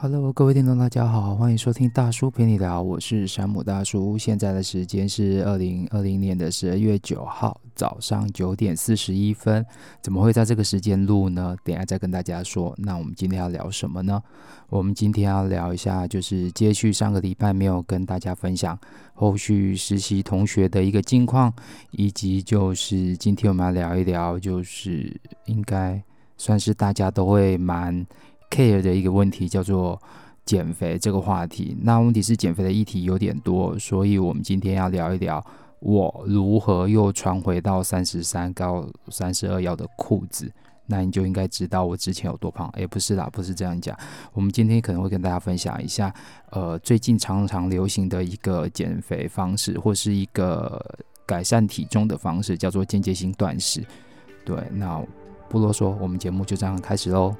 Hello，各位聽眾，大家好，歡迎收聽大叔陪你聊，我是山姆大叔。現在的時間是二零二零年的十二月九號早上九點四十一分。怎麼會在這個時間錄呢？等下再跟大家說。那我們今天要聊什麼呢？我們今天要聊一下，就是接續上個禮拜沒有跟大家分享後續實習同學的一個近況，以及就是今天我們要聊一聊，就是應該算是大家都會蠻 care 的一個問題叫做減肥這個話題，那問題是減肥的議題有點多，所以我們今天要聊一聊我如何又穿回到三十三到三十二腰的褲子。那你就應該知道我之前有多胖。哎、欸，不是啦，不是這樣講。我們今天可能會跟大家分享一下，呃，最近常常流行的一個減肥方式，或是一個改善體重的方式，叫做間接性斷食。對，那不囉嗦，我們節目就這樣開始嘍。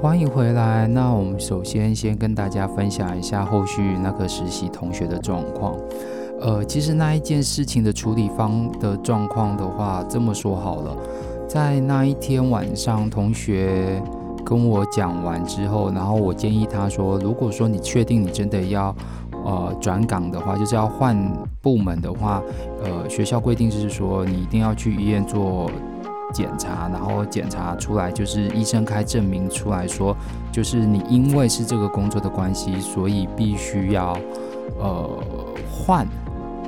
歡迎回來。那我們首先先跟大家分享一下後續那個實習同學的狀況。呃，其實那一件事情的處理方的狀況的話，這麼說好了，在那一天晚上，同學跟我講完之後，然後我建議他說，如果說你確定你真的要呃轉崗的話，就是要換部門的話，呃，學校規定就是說你一定要去醫院做。檢查，然後檢查出來就是醫生開證明出來說，就是你因為是這個工作的關係，所以必須要，呃，換。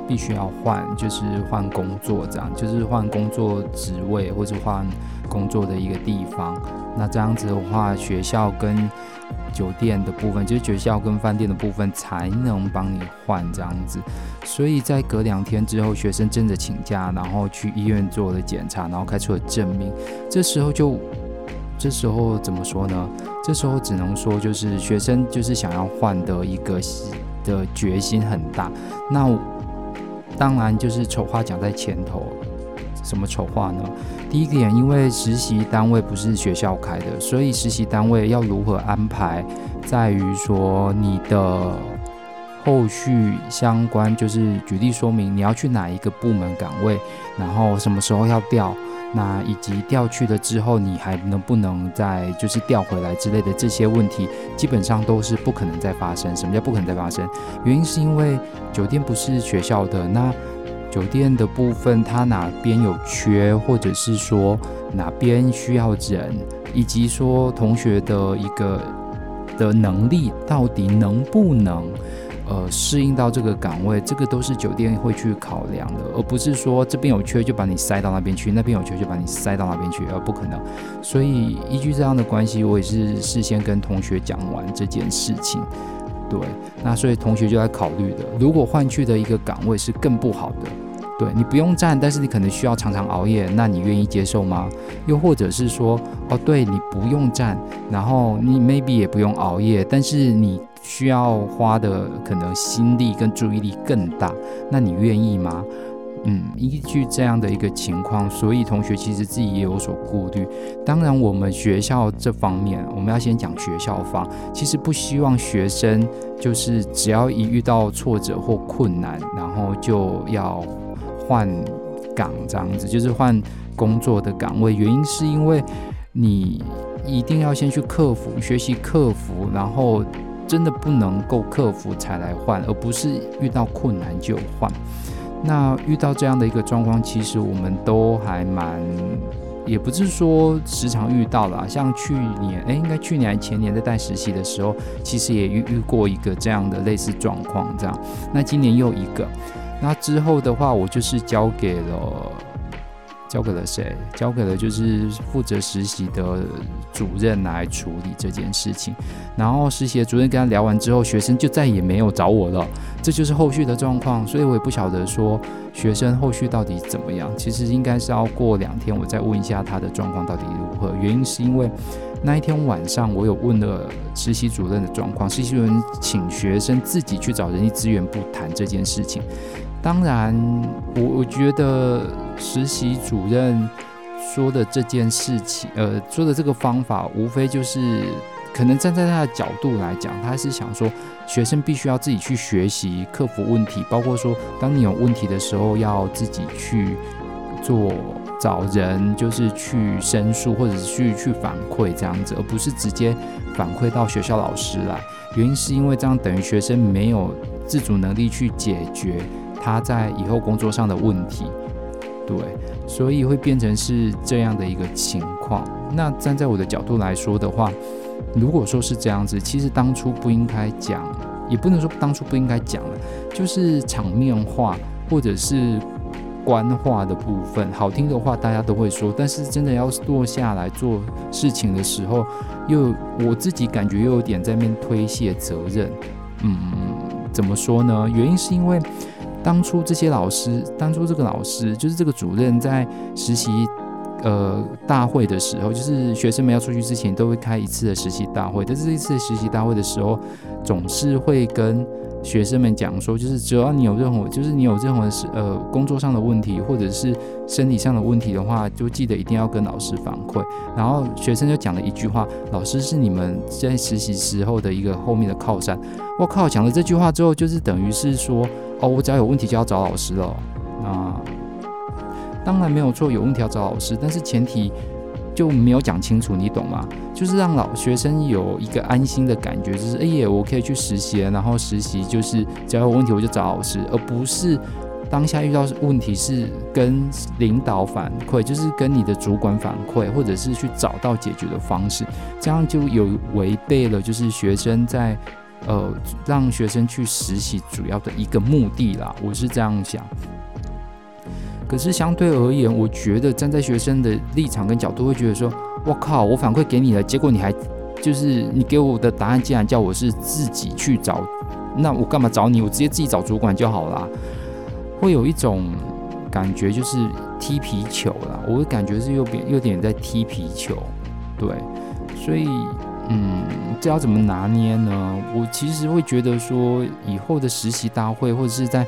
必須要換，就是換工作，這樣就是換工作職位或者換工作的一個地方。那這樣子的話，學校跟酒店的部分，就是學校跟飯店的部分，才能幫你換這樣子。所以在隔兩天之後，學生真的請假，然後去醫院做了檢查，然後開出了證明。這時候就，這時候怎麼說呢？這時候只能說，就是學生就是想要換的一個的決心很大。那。當然，就是醜話講在前頭，什麼醜話呢？第一點，因為實習單位不是學校開的，所以實習單位要如何安排，在於說你的後續相關，就是舉例說明，你要去哪一個部門崗位，然後什麼時候要調。那以及調去了之後，你還能不能再就是調回來之類的這些問題，基本上都是不可能再發生。什麼叫不可能再發生？原因是因為酒店不是學校的，那酒店的部分它哪邊有缺，或者是說哪邊需要人，以及說同學的一個的能力到底能不能？呃，適應到這個崗位，這個都是酒店會去考量的，而不是說這邊有缺就把你塞到那邊去，那邊有缺就把你塞到那邊去，而、呃、不可能。所以依據這樣的關係，我也是事先跟同學講完這件事情。對，那所以同學就在考慮的，如果換去的一個崗位是更不好的，對你不用站，但是你可能需要常常熬夜，那你願意接受嗎？又或者是說，哦，對你不用站，然後你 maybe 也不用熬夜，但是你。需要花的可能心力跟注意力更大，那你願意嗎？嗯，依據這樣的一個情況，所以同學其實自己也有所顧慮。當然，我們學校這方面，我們要先講學校方，其實不希望學生就是只要一遇到挫折或困難，然後就要換崗這樣子，就是換工作的崗位。原因是因為你一定要先去克服、學習克服，然後。真的不能夠克服才來換，而不是遇到困難就換。那遇到這樣的一個狀況，其實我們都還蠻，也不是說時常遇到啦。像去年，誒、欸，應該去年前年在帶實習的時候，其實也遇遇過一個這樣的類似狀況。這樣，那今年又一個。那之後的話，我就是交給了。交給了誰？交給了就是負責實習的主任來處理這件事情。然後實習的主任跟他聊完之後，學生就再也沒有找我了。這就是後續的狀況，所以我也不曉得說學生後續到底怎麼樣。其實應該是要過兩天，我再問一下他的狀況到底如何。原因是因為那一天晚上，我有問了實習主任的狀況，實習主任請學生自己去找人力資源部談這件事情。當然，我我覺得實習主任說的這件事情，呃，說的這個方法，無非就是可能站在他的角度來講，他是想說學生必須要自己去學習，克服問題，包括說當你有問題的時候，要自己去做找人，就是去申訴或者是去去反饋這樣子，而不是直接反饋到學校老師來。原因是因為這樣等於學生沒有自主能力去解決。他在以後工作上的問題，對，所以會變成是這樣的一個情況。那站在我的角度來說的話，如果說是這樣子，其實當初不應該講，也不能說當初不應該講了，就是場面話或者是官話的部分，好聽的話大家都會說，但是真的要落下來做事情的時候，又我自己感覺又有點在面推卸責任。嗯，怎麼說呢？原因是因為。當初這些老師，當初這個老師就是這個主任在實習呃，大會的時候，就是學生們要出去之前，都會開一次的實習大會。但是這一次實習大會的時候，總是會跟學生們講說，就是只要你有任何，就是你有任何呃工作上的問題，或者是生理上的問題的話，就記得一定要跟老師反饋。然後學生就講了一句話：“老師是你們在實習時候的一個後面的靠山。”我靠，講了這句話之後，就是等於是說，哦，我只要有問題就要找老師了。那、嗯。當然沒有錯，有問題要找老師，但是前提就沒有講清楚，你懂嗎？就是讓老學生有一個安心的感覺，就是哎呀，我可以去實習，然後實習就是只要有問題我就找老師，而不是當下遇到問題是跟領導反饋，就是跟你的主管反饋，或者是去找到解決的方式，這樣就有違背了，就是學生在呃讓學生去實習主要的一個目的啦，我是這樣想。可是相對而言，我覺得站在學生的立場跟角度，會覺得說，我靠，我反饋給你了，結果你還就是你給我的答案，竟然叫我是自己去找，那我幹嘛找你？我直接自己找主管就好啦。會有一種感覺就是踢皮球啦，我會感覺是右邊有點在踢皮球，對，所以嗯，這要怎麼拿捏呢？我其實會覺得說，以後的實習大會或者是在。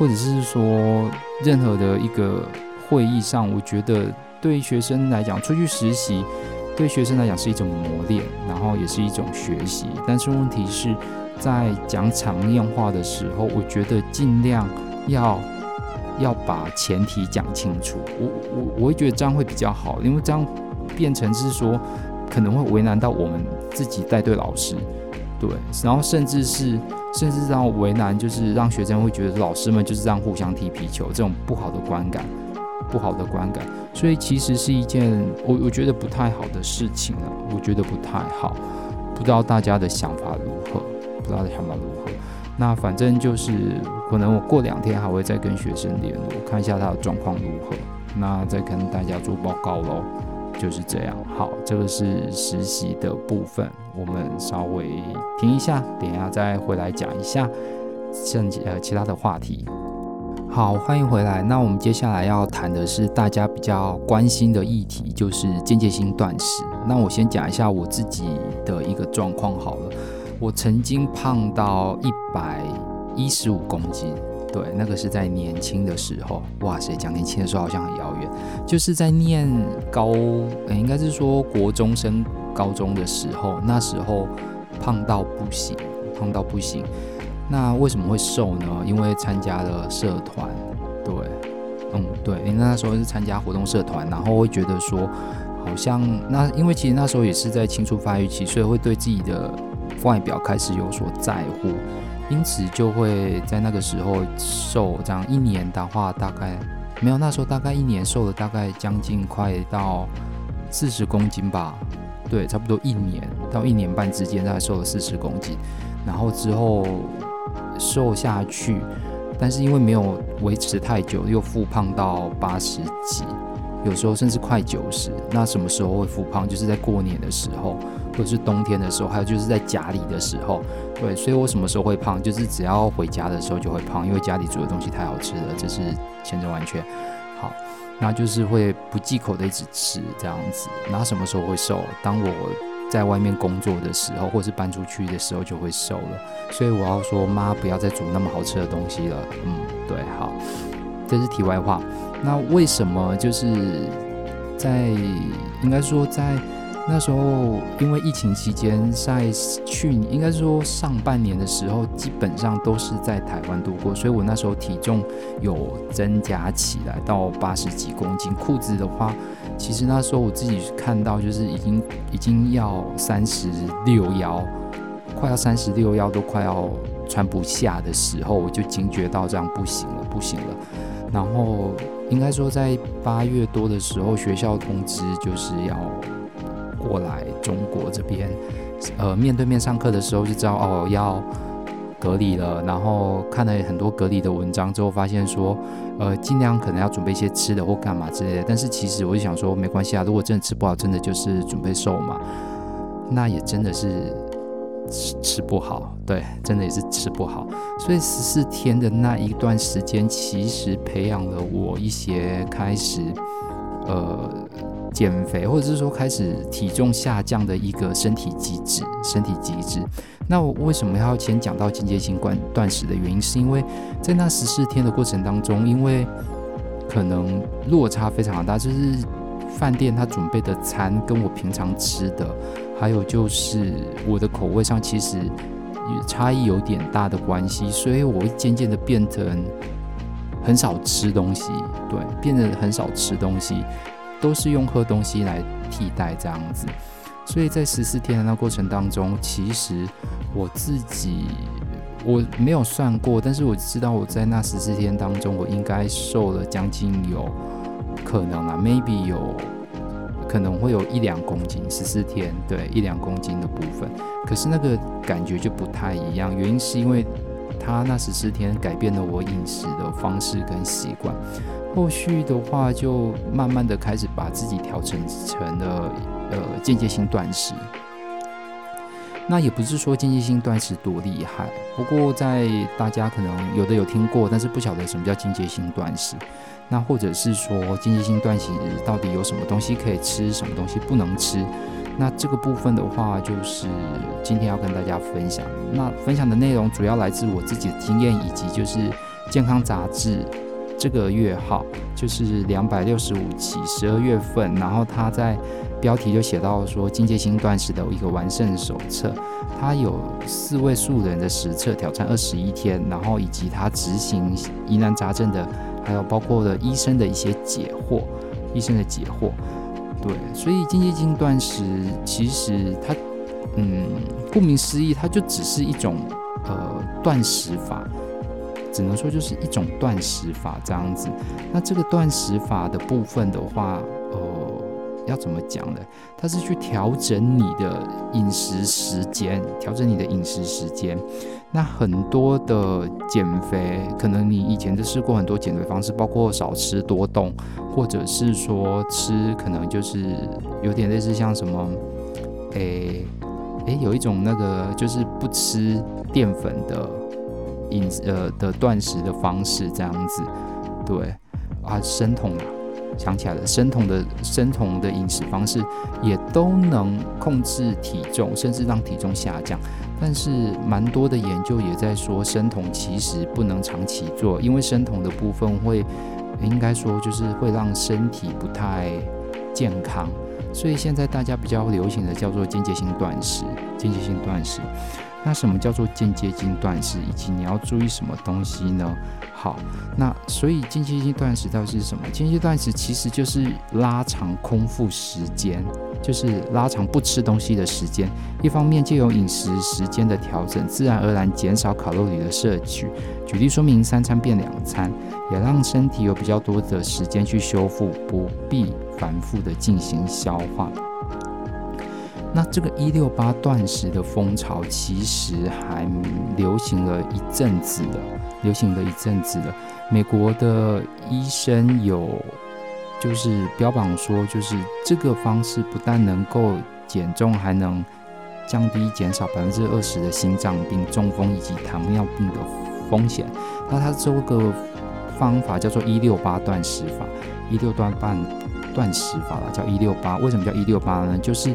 或者是說，任何的一個會議上，我覺得對學生來講，出去實習，對學生來講是一種磨練，然後也是一種學習。但是問題是在講場面話的時候，我覺得儘量要要把前提講清楚。我我我會覺得這樣會比較好，因為這樣變成是說可能會為難到我們自己帶隊老師。對，然後甚至是甚至讓我為難，就是讓學生會覺得老師們就是這樣互相踢皮球，這種不好的觀感，不好的觀感，所以其實是一件我我覺得不太好的事情了啊，我覺得不太好，不知道大家的想法如何，不知道想法如何？那反正就是可能我過兩天還會再跟學生聯絡，看一下他的狀況如何，那再跟大家做報告嘍。就是這樣，好，這個是實習的部分，我們稍微停一下，等一下再回來講一下，甚至呃其他的話題。好，歡迎回來。那我們接下來要談的是大家比較關心的議題，就是間接性斷食。那我先講一下我自己的一個狀況好了，我曾經胖到一百一十五公斤，對，那個是在年輕的時候。哇塞，誰講年輕的時候好像很遙遠。就是在念高，欸，應該是說國中升高中的時候，那時候胖到不行，胖到不行。那為什麼會瘦呢？因為參加了社團，對，嗯，對，因為那時候是參加活動社團，然後會覺得說，好像那因為其實那時候也是在青春發育期，所以會對自己的外表開始有所在乎，因此就會在那個時候瘦。這樣一年的話，大概。沒有，那時候大概一年瘦了大概將近快到四十公斤吧，對，差不多一年到一年半之間大概瘦了四十公斤，然後之後瘦下去，但是因為沒有維持太久，又復胖到八十幾，有時候甚至快九十。那什麼時候會復胖？就是在過年的時候。或是冬天的時候，還有就是在家裡的時候，對，所以我什麼時候會胖？就是只要回家的時候就會胖，因為家裡煮的東西太好吃了，這是千真萬確。好，那就是會不忌口的一直吃這樣子。那什麼時候會瘦？當我在外面工作的時候，或是搬出去的時候就會瘦了。所以我要說，媽不要再煮那麼好吃的東西了。嗯，對，好。這是題外話。那為什麼就是在，應該說在？那時候因為疫情期間，在去年應該說上半年的時候，基本上都是在台灣度過，所以我那時候體重有增加起來到八十幾公斤。褲子的話，其實那時候我自己看到就是已經已經要三十六腰，快要三十六腰都快要穿不下的時候，我就驚覺到這樣不行了，不行了。然後應該說在八月多的時候，學校通知就是要。過來中國這邊，呃，面對面上課的時候就知道哦，要隔離了，然後看了很多隔離的文章之後，發現說，呃，儘量可能要準備一些吃的或幹嘛之類的。但是其實我就想說，沒關係啊，如果真的吃不好，真的就是準備瘦嘛，那也真的是吃吃不好，對，真的也是吃不好。所以十四天的那一段時間，其實培養了我一些，開始，呃。減肥，或者是說開始體重下降的一個身體機制，身體機制。那我為什麼要先講到間接性斷斷食的原因？是因為在那十四天的過程當中，因為可能落差非常大，就是飯店他準備的餐跟我平常吃的，還有就是我的口味上其實差異有點大的關係，所以我會漸漸的變成很少吃東西，對，變得很少吃東西。都是用喝東西來替代這樣子，所以在十四天的那過程當中，其實我自己我沒有算過，但是我知道我在那十四天當中，我應該瘦了將近有可能啊，maybe 有可能會有一兩公斤，十四天對一兩公斤的部分，可是那個感覺就不太一樣，原因是因為他那十四天改變了我飲食的方式跟習慣。後續的話，就慢慢的開始把自己調整成成了呃間接性斷食。那也不是說間接性斷食多厲害，不過在大家可能有的有聽過，但是不曉得什麼叫間接性斷食。那或者是說間接性斷食到底有什麼東西可以吃，什麼東西不能吃？那這個部分的話，就是今天要跟大家分享。那分享的內容主要來自我自己的經驗，以及就是健康雜誌。這個月號就是兩百六十五期，十二月份，然後他在標題就寫到說“間接性斷食的一個完勝手冊”，他有四位素人的實測挑戰二十一天，然後以及他執行疑難雜症的，還有包括了醫生的一些解惑，醫生的解惑。對，所以間接性斷食其實它，嗯，顧名思義，它就只是一種呃斷食法。只能說就是一種斷食法這樣子。那這個斷食法的部分的話，呃，要怎麼講呢？它是去調整你的飲食時間，調整你的飲食時間。那很多的減肥，可能你以前都試過很多減肥方式，包括少吃多動，或者是說吃，可能就是有點類似像什麼，誒、欸、誒、欸、有一種那個就是不吃澱粉的。飲食呃的斷食的方式這樣子，對啊，生酮想起來了，生酮的生酮的飲食方式也都能控制體重，甚至讓體重下降。但是蠻多的研究也在說，生酮其實不能長期做，因為生酮的部分會，應該說就是會讓身體不太健康。所以現在大家比較流行的叫做間接性斷食，間接性斷食。那什麼叫做間接性斷食，以及你要注意什麼東西呢？好，那所以間接性斷食到底是什麼？間接斷食其實就是拉長空腹時間，就是拉長不吃東西的時間。一方面藉由飲食時間的調整，自然而然減少卡路里的攝取。舉例說明，三餐變兩餐，也讓身體有比較多的時間去修復，不必反覆的進行消化。那這個一六八斷食的風潮其實還流行了一陣子的，流行了一陣子的。美國的醫生有就是標榜說，就是這個方式不但能夠減重，還能降低減少百分之二十的心臟病、中風以及糖尿病的風險。那它這個方法叫做一六八斷食法，一六八半斷食法了，叫一六八。為什麼叫一六八呢？就是。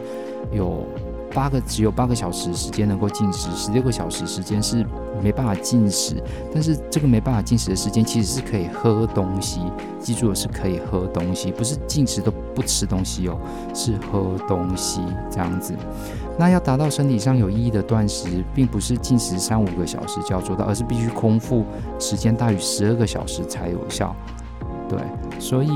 有八個只有八個小時時間能夠進食，十六個小時時間是沒辦法進食。但是這個沒辦法進食的時間其實是可以喝東西，記住是可以喝東西，不是進食都不吃東西哦，是喝東西這樣子。那要達到身體上有意義的斷食，並不是進食三五個小時就要做到，而是必須空腹時間大於十二個小時才有效。對，所以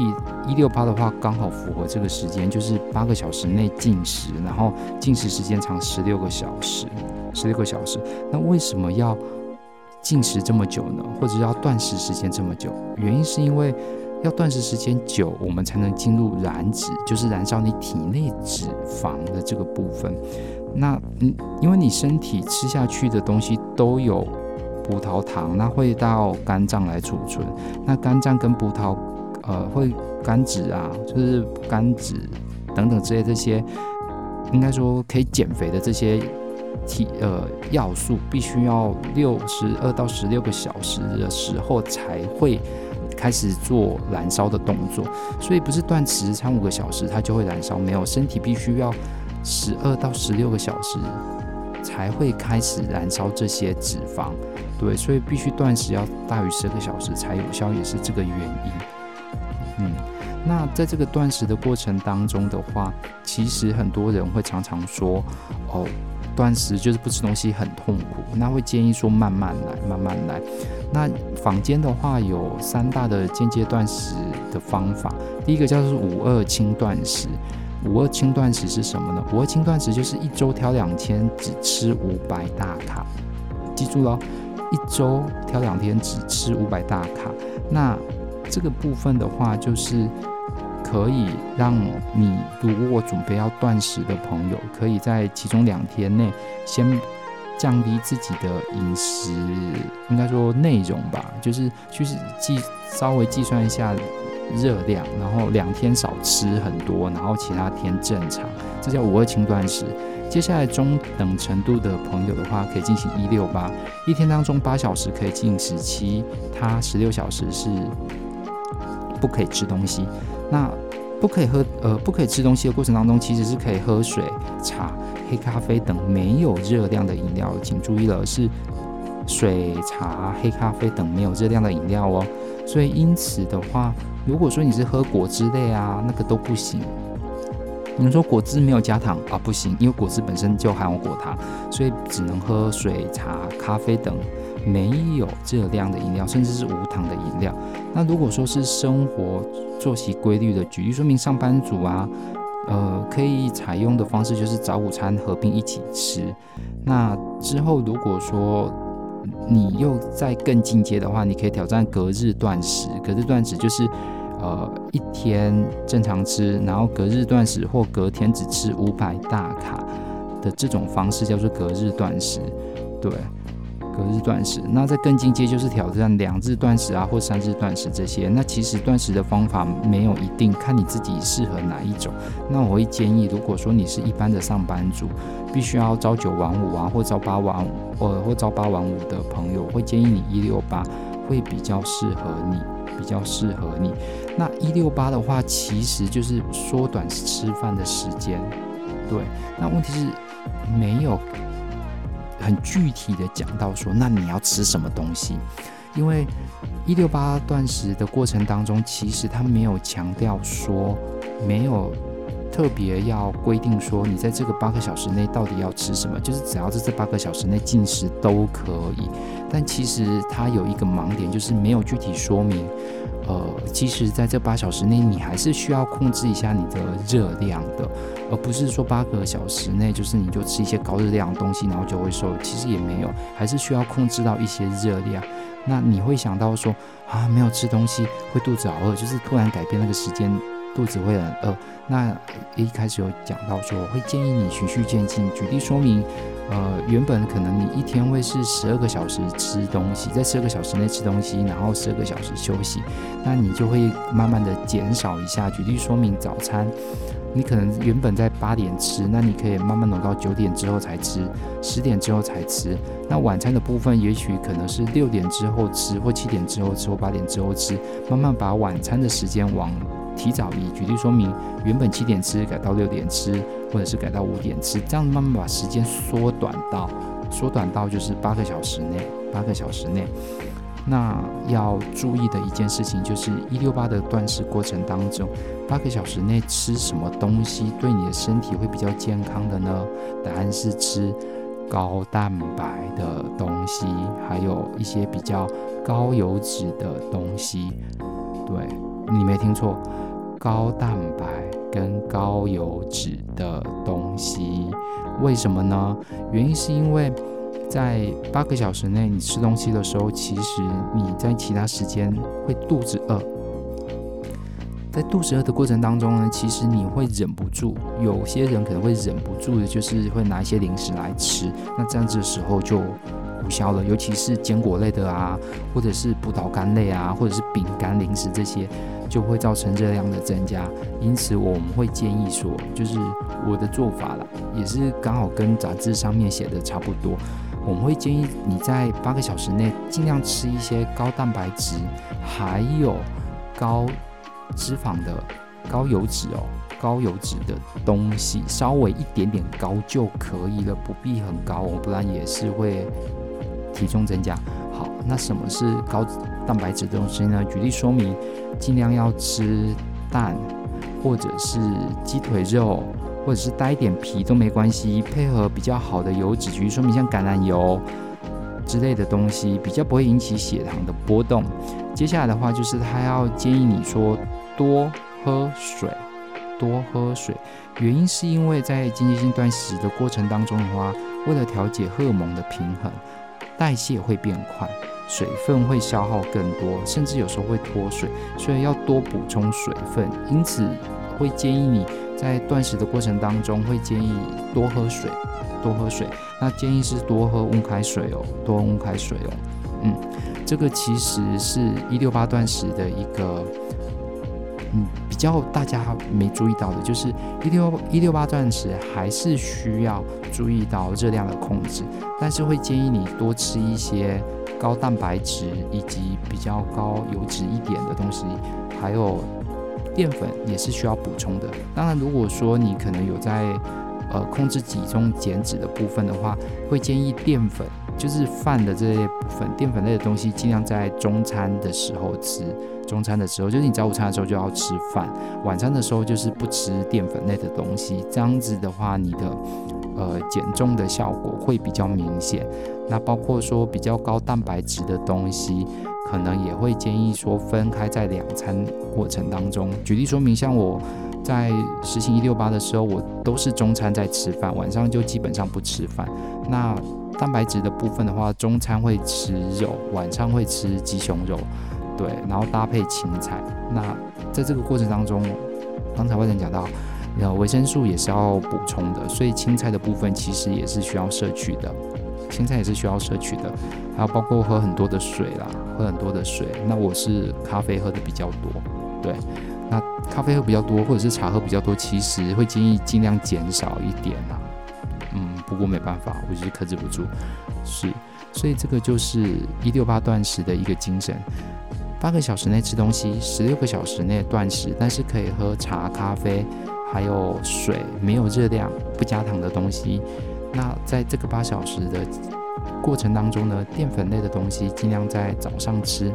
一六八的話剛好符合這個時間，就是八個小時內進食，然後進食時間長十六個小時，十六個小時。那為什麼要進食這麼久呢？或者要斷食時間這麼久？原因是因為要斷食時間久，我們才能進入燃脂，就是燃燒你體內脂肪的這個部分。那嗯，因為你身體吃下去的東西都有。葡萄糖那會到肝臟來儲存，那肝臟跟葡萄呃會肝脂啊，就是肝脂等等之類這些，應該說可以減肥的這些體呃素要素，必須要六十二到十六個小時的時候才會開始做燃燒的動作，所以不是斷食餐五個小時它就會燃燒，沒有，身體必須要十二到十六個小時才會開始燃燒這些脂肪。對，所以必須斷食要大於十二個小時才有效，也是這個原因。嗯，那在這個斷食的過程當中的話，其實很多人會常常說，哦，斷食就是不吃東西很痛苦。那會建議說慢慢來，慢慢來。那坊間的話有三大的間接斷食的方法，第一個叫做五二輕斷食。五二輕斷食是什麼呢？五二輕斷食就是一周挑兩天只吃五百大卡，記住嘍。一週挑兩天只吃五百大卡，那這個部分的話，就是可以讓你如果準備要斷食的朋友，可以在其中兩天內先降低自己的飲食，應該說內容吧，就是就是計稍微計算一下熱量，然後兩天少吃很多，然後其他天正常，這叫五二輕斷食。接下來中等程度的朋友的話，可以進行一六八，一天當中八小時可以進食，其他十六小時是不可以吃東西。那不可以喝呃，不可以吃東西的過程當中，其實是可以喝水、茶、黑咖啡等沒有熱量的飲料。請注意了，是水、茶、黑咖啡等沒有熱量的飲料哦。所以因此的話，如果說你是喝果汁類啊，那個都不行。你說果汁沒有加糖啊、哦？不行，因為果汁本身就含有果糖，所以只能喝水、茶、咖啡等沒有熱量的飲料，甚至是無糖的飲料。那如果說是生活作息規律的，舉例說明，上班族啊，呃，可以採用的方式就是早午餐合併一起吃。那之後，如果說你又再更進階的話，你可以挑戰隔日斷食。隔日斷食就是。呃，一天正常吃，然後隔日斷食或隔天只吃五百大卡的這種方式叫做隔日斷食，對，隔日斷食。那再更進階就是挑戰兩日斷食啊，或三日斷食這些。那其實斷食的方法沒有一定，看你自己適合哪一種。那我會建議，如果說你是一般的上班族，必須要朝九晚五啊，或朝八晚五或、呃、或朝八晚五的朋友，我會建議你一六八會比較適合你。比較適合你。那一六八的話，其實就是縮短吃飯的時間。對，那問題是沒有很具體的講到說，那你要吃什麼東西？因為一六八斷食的過程當中，其實他沒有強調說沒有。特別要規定說，你在這個八個小時內到底要吃什麼？就是只要在這八個小時內進食都可以。但其實它有一個盲點，就是沒有具體說明。呃，其實在這八小時內，你還是需要控制一下你的熱量的，而不是說八個小時內就是你就吃一些高熱量的東西，然後就會瘦。其實也沒有，還是需要控制到一些熱量。那你會想到說啊，沒有吃東西會肚子好餓，就是突然改變那個時間。肚子會很餓。那一開始有講到說，我會建議你循序漸進。舉例說明，呃，原本可能你一天會是十二個小時吃東西，在十二個小時內吃東西，然後十二個小時休息。那你就會慢慢的減少一下。舉例說明，早餐你可能原本在八點吃，那你可以慢慢挪到九點之後才吃，十點之後才吃。那晚餐的部分，也許可能是六點之後吃，或七點之後吃，或八點之後吃。慢慢把晚餐的時間往提早，以，舉例說明，原本七點吃，改到六點吃，或者是改到五點吃，這樣慢慢把時間縮短到縮短到就是八個小時內。八個小時內，那要注意的一件事情就是一六八的斷食過程當中，八個小時內吃什麼東西對你的身體會比較健康的呢？答案是吃高蛋白的東西，還有一些比較高油脂的東西。對，你沒聽錯。高蛋白跟高油脂的東西，為什麼呢？原因是因為在八個小時內，你吃東西的時候，其實你在其他時間會肚子餓。在肚子餓的過程當中呢，其實你會忍不住，有些人可能會忍不住的，就是會拿一些零食來吃。那這樣子的時候就無效了，尤其是堅果類的啊，或者是葡萄乾類啊，或者是餅乾、零食這些，就會造成熱量的增加。因此我們會建議說，就是我的做法啦，也是剛好跟雜誌上面寫的差不多。我們會建議你在八個小時內盡量吃一些高蛋白質，還有高。脂肪的高油脂哦，高油脂的東西稍微一點點高就可以了，不必很高哦，不然也是會體重增加。好，那什麼是高蛋白質的東西呢？舉例說明，盡量要吃蛋，或者是雞腿肉，或者是帶一點皮都沒關係，配合比較好的油脂，舉例說明像橄欖油。之類的東西比較不會引起血糖的波動。接下來的話就是他要建議你說多喝水，多喝水。原因是因為在間接性斷食的過程當中的話，為了調節荷爾蒙的平衡，代謝會變快，水分會消耗更多，甚至有時候會脫水，所以要多補充水分。因此會建議你在斷食的過程當中會建議多喝水。多喝水，那建議是多喝溫開水哦，多喝溫開水哦。嗯，這個其實是一六八斷食的一個，嗯，比較大家沒注意到的，就是一六一六八斷食還是需要注意到熱量的控制，但是會建議你多吃一些高蛋白質以及比較高油脂一點的東西，還有澱粉也是需要補充的。當然，如果說你可能有在呃，控制集中減脂的部分的話，會建議澱粉，就是飯的這些部分，澱粉類的東西盡量在中餐的時候吃。中餐的時候，就是你早午餐的時候就要吃飯，晚餐的時候就是不吃澱粉類的東西。這樣子的話，你的呃減重的效果會比較明顯。那包括說比較高蛋白質的東西，可能也會建議說分開在兩餐過程當中。舉例說明，像我。在實行168的時候，我都是中餐在吃飯，晚上就基本上不吃飯。那蛋白質的部分的話，中餐會吃肉，晚上會吃雞胸肉，對，然後搭配青菜。那在這個過程當中，剛才外長講到，呃，維生素也是要補充的，所以青菜的部分其實也是需要攝取的，青菜也是需要攝取的，還有包括喝很多的水啦，喝很多的水。那我是咖啡喝得比較多，對。那咖啡喝比較多，或者是茶喝比較多，其實會建議盡量減少一點啦。嗯，不過沒辦法，我就是克制不住。是，所以這個就是一六八斷食的一個精神：八個小時內吃東西，十六個小時內斷食，但是可以喝茶、咖啡，還有水，沒有熱量、不加糖的東西。那在這個八小時的過程當中呢，澱粉類的東西盡量在早上吃。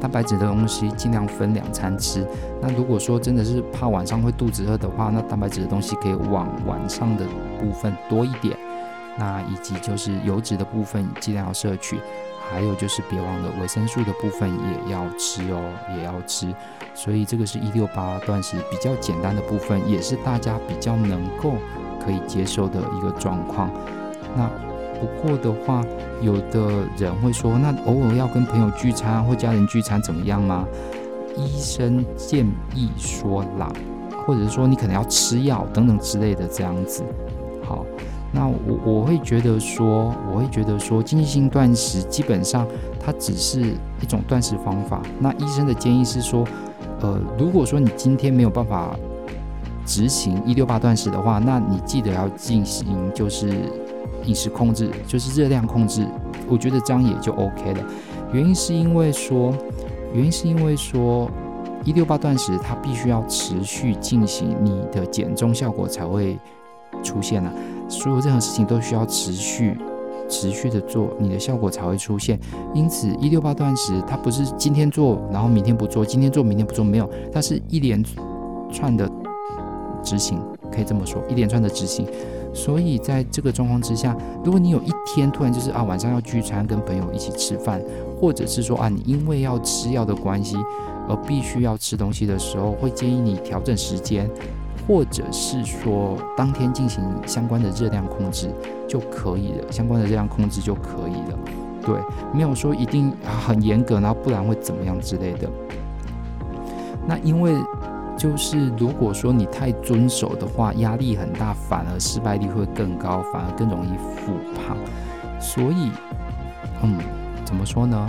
蛋白質的東西盡量分兩餐吃。那如果說真的是怕晚上會肚子餓的話，那蛋白質的東西可以往晚上的部分多一點。那以及就是油脂的部分盡量要攝取，還有就是別忘了維生素的部分也要吃哦，也要吃。所以這個是一六八斷食比較簡單的部分，也是大家比較能夠可以接受的一個狀況。那。不過的話，有的人會說，那偶爾要跟朋友聚餐或家人聚餐怎麼樣嗎？醫生建議說啦，或者是說你可能要吃藥等等之類的這樣子。好，那我我會覺得說，我會覺得說，間接性斷食基本上它只是一種斷食方法。那醫生的建議是說，呃，如果說你今天沒有辦法執行一六八斷食的話，那你記得要進行就是。飲食控制就是熱量控制，我覺得這樣也就 OK 了。原因是因為說，原因是因為說，一六八斷食它必須要持續進行，你的減重效果才會出現啊。所有任何事情都需要持續、持續的做，你的效果才會出現。因此168，一六八斷食它不是今天做，然後明天不做；今天做，明天不做，沒有，它是一連串的執行，可以這麼說，一連串的執行。所以，在這個狀況之下，如果你有一天突然就是啊，晚上要聚餐，跟朋友一起吃飯，或者是說啊，你因為要吃藥的關係而必須要吃東西的時候，會建議你調整時間，或者是說當天進行相關的熱量控制就可以了，相關的熱量控制就可以了。對，沒有說一定很嚴格，然後不然會怎麼樣之類的。那因為。就是如果說你太遵守的話，壓力很大，反而失敗率會更高，反而更容易復胖。所以，嗯，怎麼說呢？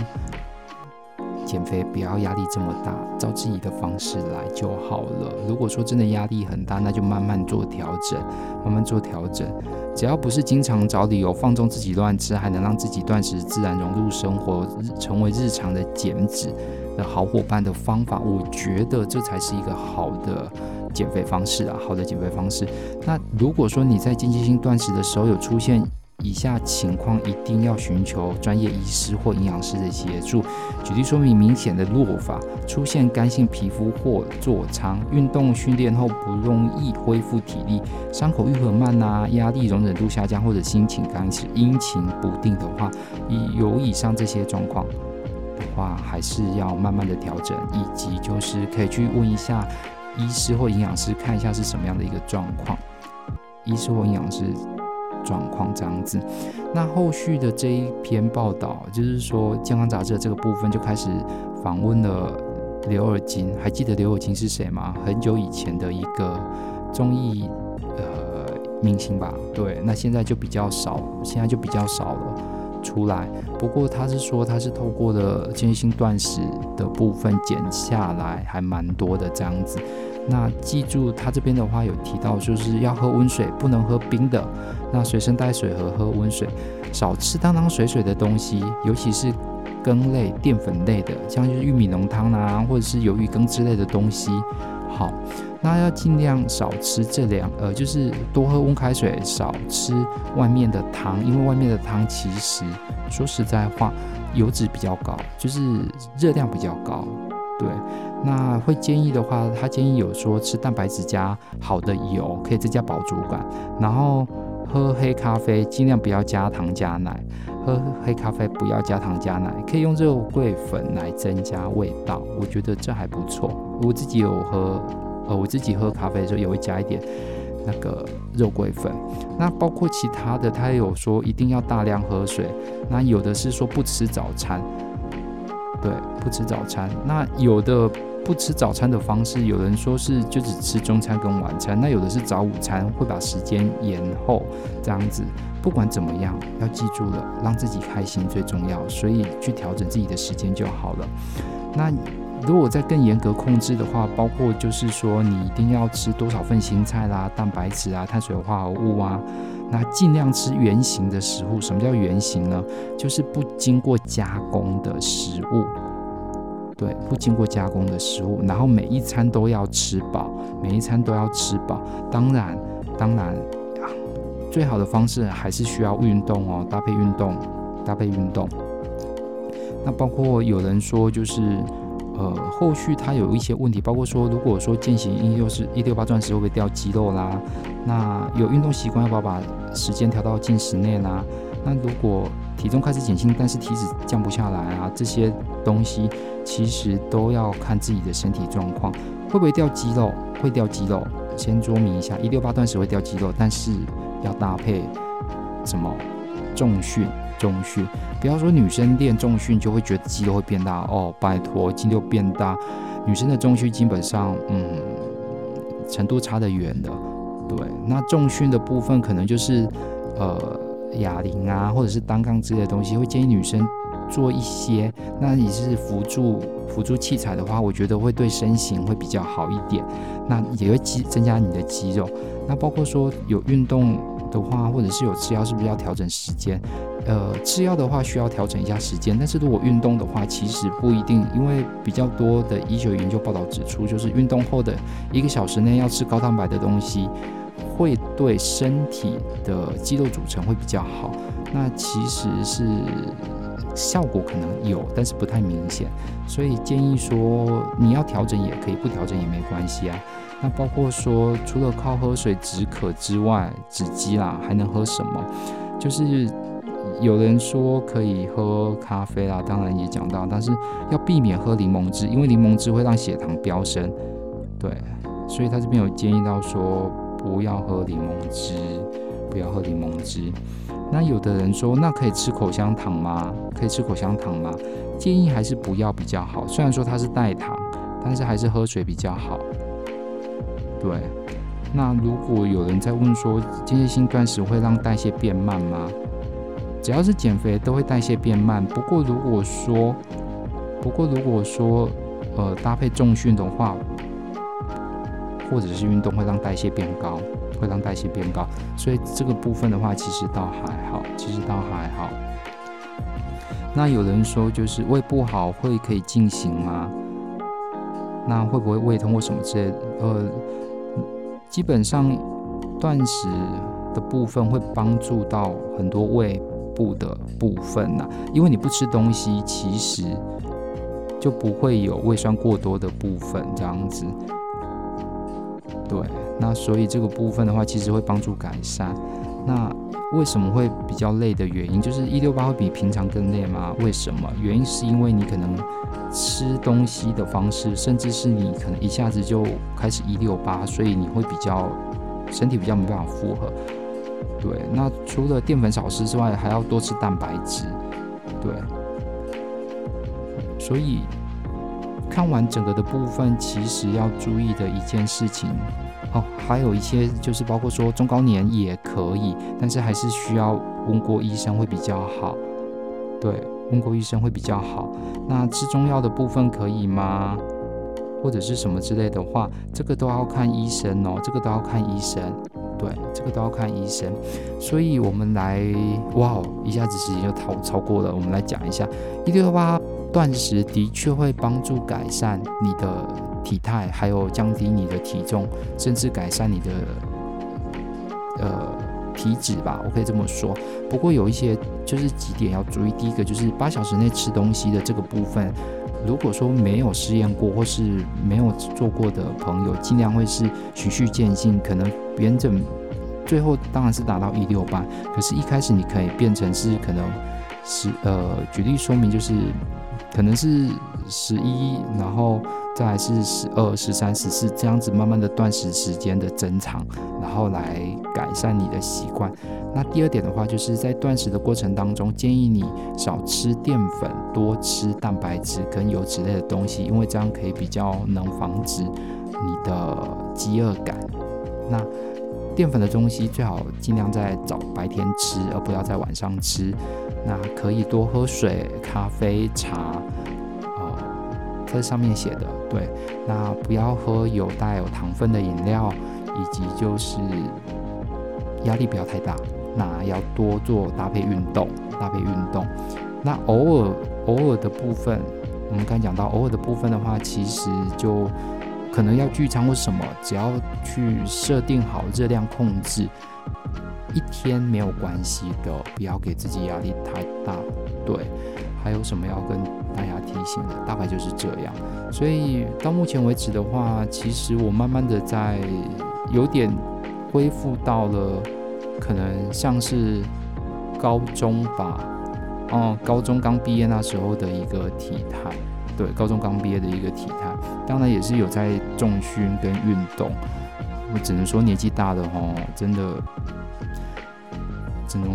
減肥不要壓力這麼大，照自己的方式來就好了。如果說真的壓力很大，那就慢慢做調整，慢慢做調整。只要不是經常找理由放縱自己亂吃，還能讓自己斷食，自然融入生活，成為日常的減脂的好夥伴的方法，我覺得這才是一個好的減肥方式啊！好的減肥方式。那如果說你在間歇性斷食的時候有出現以下情況，一定要尋求專業醫師或營養師的協助。舉例說明：明顯的落髮、出現乾性皮膚或痤瘡、運動訓練後不容易恢復體力、傷口愈合慢吶、啊、壓力容忍度下降或者心情開始陰晴不定的話，有以上這些狀況的話還是要慢慢的調整，以及就是可以去問一下醫師或營養師看一下是什麼樣的一個狀況，醫師或營養師狀況這樣子。那後續的這一篇報道，就是說健康雜誌這個部分就開始訪問了劉爾金，還記得劉爾金是誰嗎？很久以前的一個綜藝呃明星吧，對，那現在就比較少，現在就比較少了。出來，不過他是說他是透過了間歇性斷食的部分減下來，還蠻多的這樣子。那記住他這邊的話有提到，就是要喝溫水，不能喝冰的。那隨身帶水壺，喝溫水，少吃湯湯水水的東西，尤其是羹類、澱粉類的，像是玉米濃湯啊，或者是魷魚羹之類的東西。好，那要儘量少吃這兩，呃，就是多喝溫開水，少吃外面的湯，因為外面的湯其實說實在話，油脂比較高，就是熱量比較高。對，那會建議的話，他建議有說吃蛋白質加好的油，可以增加飽足感，然後喝黑咖啡，儘量不要加糖加奶，喝黑咖啡不要加糖加奶，可以用肉桂粉來增加味道，我覺得這還不錯。我自己有喝，呃，我自己喝咖啡的時候也會加一點那個肉桂粉。那包括其他的，他也有說一定要大量喝水。那有的是說不吃早餐，對，不吃早餐。那有的不吃早餐的方式，有人說是就只吃中餐跟晚餐。那有的是早午餐會把時間延後這樣子。不管怎麼樣，要記住了，讓自己開心最重要。所以去調整自己的時間就好了。那。如果再更嚴格控制的話，包括就是說你一定要吃多少份青菜啦、蛋白質啊、碳水化合物啊，那盡量吃原型的食物。什麼叫原型呢？就是不經過加工的食物。對，不經過加工的食物。然後每一餐都要吃飽，每一餐都要吃飽。當然，當然啊，最好的方式還是需要運動哦，搭配運動，搭配運動。那包括有人說就是。呃，後續它有一些問題，包括說，如果說進行一六四一六八斷食會不會掉肌肉啦？那有運動習慣要不要把時間調到進食內啦、啊？那如果體重開始減輕，但是體脂降不下來啊？這些東西其實都要看自己的身體狀況，會不會掉肌肉？會掉肌肉，先說明一下，一六八斷食會掉肌肉，但是要搭配什麼？重訓，重訓，不要說女生練重訓就會覺得肌肉會變大哦，拜託，肌肉變大，女生的重訓基本上，嗯，程度差得遠的。對，那重訓的部分可能就是，呃，啞鈴啊，或者是單槓之類的東西，會建議女生做一些。那你是輔助輔助器材的話，我覺得會對身形會比較好一點，那也會增加你的肌肉。那包括說有運動。的話，或者是有吃藥，是不是要調整時間？呃，吃藥的話需要調整一下時間，但是如果運動的話，其實不一定，因為比較多的醫學研究報道指出，就是運動後的一個小時內要吃高蛋白的東西，會對身體的肌肉組成會比較好。那其實是效果可能有，但是不太明顯，所以建議說，你要調整也可以，不調整也沒關係啊。那包括說，除了靠喝水止渴之外，止饑啦，還能喝什麼？就是有人說可以喝咖啡啦，當然也講到，但是要避免喝檸檬汁，因為檸檬汁會讓血糖飆升。對，所以他這邊有建議到說，不要喝檸檬汁，不要喝檸檬汁。那有的人說，那可以吃口香糖嗎？可以吃口香糖嗎？建議還是不要比較好。雖然說它是代糖，但是還是喝水比較好。對，那如果有人在問說，間歇性斷食會讓代謝變慢嗎？只要是減肥都會代謝變慢，不過如果說，不過如果說，呃，搭配重訓的話，或者是運動會讓代謝變高，會讓代謝變高，所以這個部分的話，其實倒還好，其實倒還好。那有人說就是胃不好會可以進行嗎？那會不會胃痛或什麼之類？呃。基本上，斷食的部分會幫助到很多胃部的部分吶，因為你不吃東西，其實就不會有胃酸過多的部分這樣子。對，那所以這個部分的話，其實會幫助改善。那為什麼會比較累的原因，就是一六八會比平常更累嗎？為什麼？原因是因為你可能吃東西的方式，甚至是你可能一下子就開始一六八，所以你會比較身體比較沒辦法負荷。對，那除了澱粉少吃之外，還要多吃蛋白質。對，所以看完整個的部分，其實要注意的一件事情。哦，還有一些就是包括說中高年也可以，但是還是需要問過醫生會比較好。對，問過醫生會比較好。那吃中藥的部分可以嗎？或者是什麼之類的話，這個都要看醫生哦，這個都要看醫生。對，這個都要看醫生。所以我們來，哇、哦，一下子時間就超超過了。我們來講一下，一六八斷食的確會幫助改善你的。體態，還有降低你的體重，甚至改善你的呃體脂吧，我可以這麼說。不過有一些就是幾點要注意，第一個就是八小時內吃東西的這個部分，如果說沒有試驗過或是沒有做過的朋友，盡量會是循序漸進。可能完整最後當然是達到一六八，可是一開始你可以變成是可能十呃，舉例說明就是可能是十一，然後。再來是十二、十三、十四，這樣子，慢慢的斷食時間的增長，然後來改善你的習慣。那第二點的話，就是在斷食的過程當中，建議你少吃澱粉，多吃蛋白質跟油脂類的東西，因為這樣可以比較能防止你的飢餓感。那澱粉的東西最好儘量在早白天吃，而不要在晚上吃。那可以多喝水、咖啡、茶。在上面寫的，對，那不要喝有帶有糖分的飲料，以及就是壓力不要太大，那要多做搭配運動，搭配運動。那偶爾偶爾的部分，我們剛講到偶爾的部分的話，其實就可能要聚餐或什麼，只要去設定好熱量控制，一天沒有關係的，不要給自己壓力太大，對。還有什麼要跟大家提醒的？大概就是這樣。所以到目前為止的話，其實我慢慢的在有點恢復到了，可能像是高中吧，哦，高中剛畢業那時候的一個體態，對，高中剛畢業的一個體態。當然也是有在重訓跟運動，我只能說年紀大的齁，真的。只能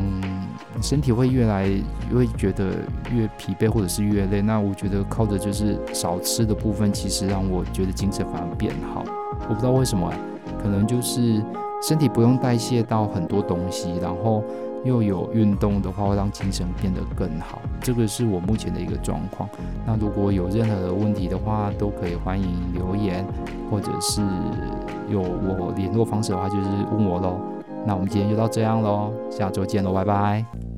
身體會越來越覺得越疲憊或者是越累，那我覺得靠的就是少吃的部分，其實讓我覺得精神反而變好。我不知道為什麼啊，可能就是身體不用代謝到很多東西，然後又有運動的話，會讓精神變得更好。這個是我目前的一個狀況。那如果有任何的問題的話，都可以歡迎留言，或者是有我聯絡方式的話，就是問我嘍。那我們今天就到這樣嘍，下週見嘍，拜拜。